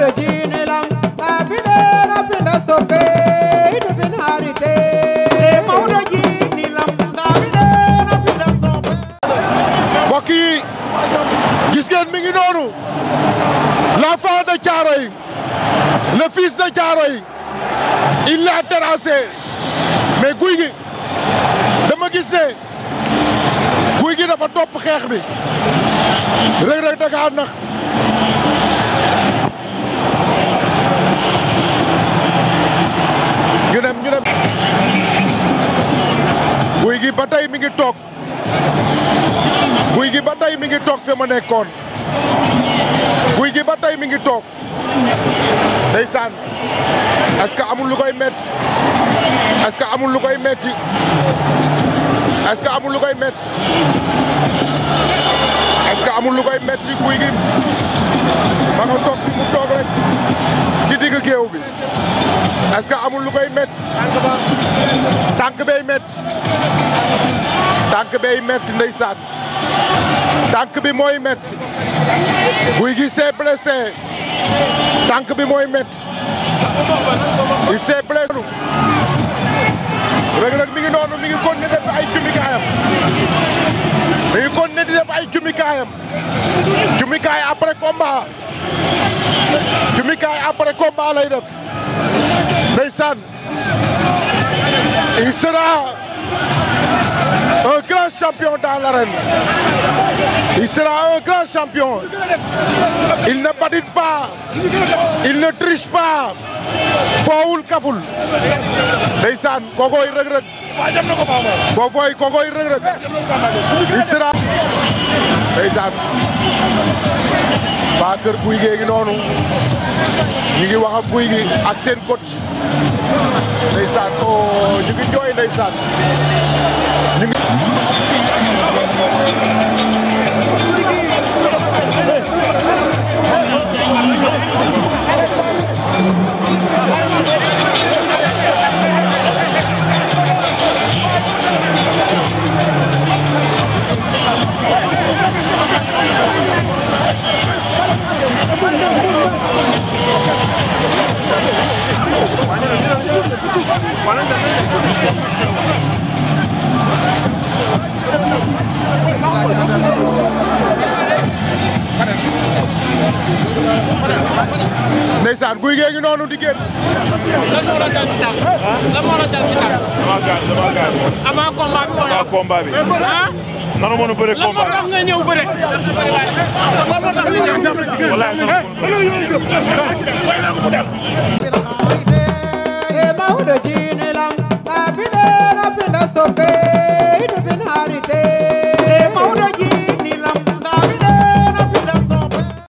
ɓeɗo jiinilam abide rafinda sofeyde fin harite mawɗo jiinilam gis ngeen mi ngi noonu l'enfant de Thiaroye le fils de Thiaroye il l'a terrassé mais guy gi dama gis ne guy gi dafa topp xeex bi Reug Reug da kaa guy gi ba tey mi ngi toog guy gi ba tey mi ngi toog fi ma nekkoon guy gi ba tey mi ngi toog ndeysaan est-ce que amul lu koy metti est que amul lu koy metti est que amul lu koy metti est que amul lu koy metti guy gi ba nga toog fi mu toog rek ci digg géew bi est que amul lu koy metti tànk bay métti tànk bay métti ndeysaan tànk bi mooy métti Gouye Gui s'est blessé tànk bi mooy métti il s'est blessé Reug Reug mi ngi noonu mi ngi continué def di def ay jumikaayam jumikaay après combat jumikaay après combat lay def ndeysaan Il sera un grand champion dans l'arène. Il sera un grand champion. Il ne badine pas, il ne triche pas. foowul kaful ndeysaan kokoy Reug Reug kokoy kokoy Reug Reug il sera ndeysaan waa kër guy noonu ñu ngi wax ak guy gi ak seen coach ndeysaan oh, ngi jooy ndeysaan ñu ndeysaan guy gee ngi noonu di génn. lan moo la dal ci tànk. lan moo la dal ci tànk. damaa gaañ damaa gaañ. avant combat bi wala. avant combat bi. ah. nanu mën a bëre combat bi lan moo tax nga ñëw bëre. lan moo tax nga ñëw bëre.